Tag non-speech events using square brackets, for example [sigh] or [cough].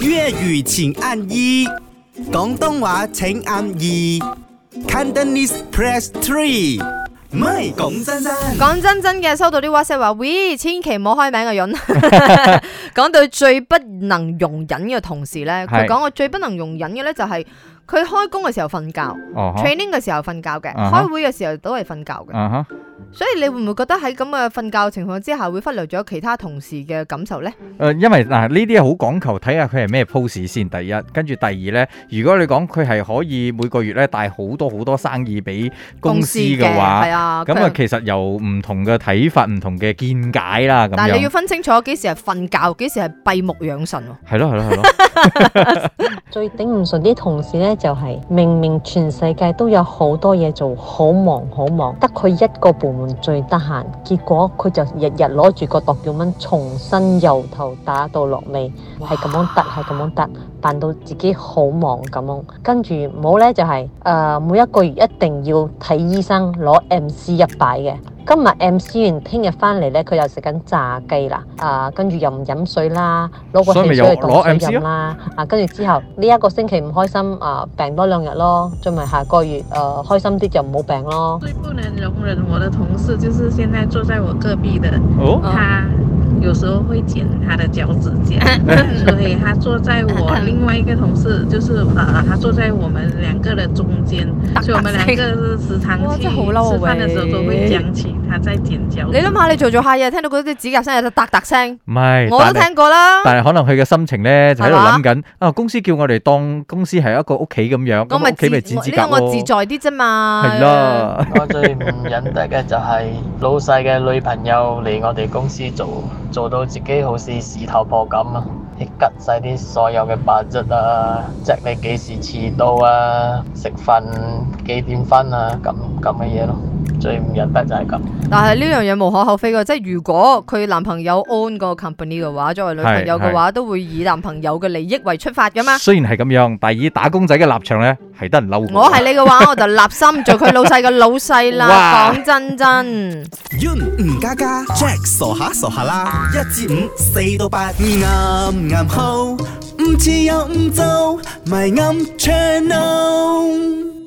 粵語請按一，廣東話請按二，Cantonese press three。唔係講真真，講真真嘅，收到啲 WhatsApp 話，喂，千祈唔好開名嘅樣。講、啊、 [laughs] [laughs] 到最不能容忍嘅同事咧，佢講我最不能容忍嘅咧就係、是、佢開工嘅時候瞓覺、uh huh.，training 嘅時候瞓覺嘅，uh huh. 開會嘅時候都係瞓覺嘅。Uh huh. 所以你會唔會覺得喺咁嘅瞓覺情況之下，會忽略咗其他同事嘅感受呢？誒、呃，因為嗱呢啲係好講求睇下佢係咩 pose 先。第一，跟住第二呢，如果你講佢係可以每個月呢帶好多好多生意俾公司嘅話，係啊，咁啊其實由唔同嘅睇法、唔同嘅見解啦。但係你要分清楚，幾時係瞓覺，幾時係閉目養神。係咯，係咯，係咯。最頂唔順啲同事咧，就係、是、明明全世界都有好多嘢做，好忙好忙，得佢一個部門最得閒，結果佢就日日攞住個度吊蚊，重新由頭打到落尾，係咁哇樣突，係咁樣突，扮到自己好忙咁樣，跟住冇咧就係、是呃、每一個月一定要睇醫生，攞 M C 一擺嘅。今日 M C 完，聽日返嚟咧，佢、呃、又食緊炸雞啦，啦啊，跟住又唔飲水啦，攞個汽水嚟兌水飲啦，啊，跟住之後呢一、這個星期唔開心，啊、呃，病多兩日咯，最咪下個月誒、呃、開心啲就冇病咯。最不能容忍我嘅同事，就是現在坐在我隔壁嘅、oh? 他。Oh. 有時候會剪他的腳趾甲，所以他坐在我另外一個同事，就是，啊，他坐在我們兩個的中間，所以我們兩個是時常去、哦、吃飯的時候都會講起他，他在剪腳。你諗下，你做做下嘢，聽到嗰啲指甲聲有啲嗒嗒聲，唔係我都聽過啦。但係可能佢嘅心情咧就喺度諗緊，啊，啊，啊，公司叫我哋當公司係一個屋企咁樣，咁咪屋企咪剪指甲我自在啲啫嘛。係咯。我最唔忍得嘅就係老細嘅女朋友嚟我哋公司做。做到自己好似事頭婆咁啊！你吉晒啲所有嘅白質啊！即你幾時遲到啊？食飯幾點返啊？咁咁嘅嘢咯～最唔忍得就係咁，嗯、但係呢樣嘢無可厚非嘅，即係如果佢男朋友 own 個 company 嘅話，作為女朋友嘅話，都會以男朋友嘅利益為出發嘅嘛。雖然係咁樣，但係以打工仔嘅立場咧，係得人嬲。我係你嘅話，我就立心做佢老細嘅老細啦。講 [laughs] 真真。You Jack 傻下傻下啦，一至五四到八，啱啱好唔似又唔奏，迷暗 [music]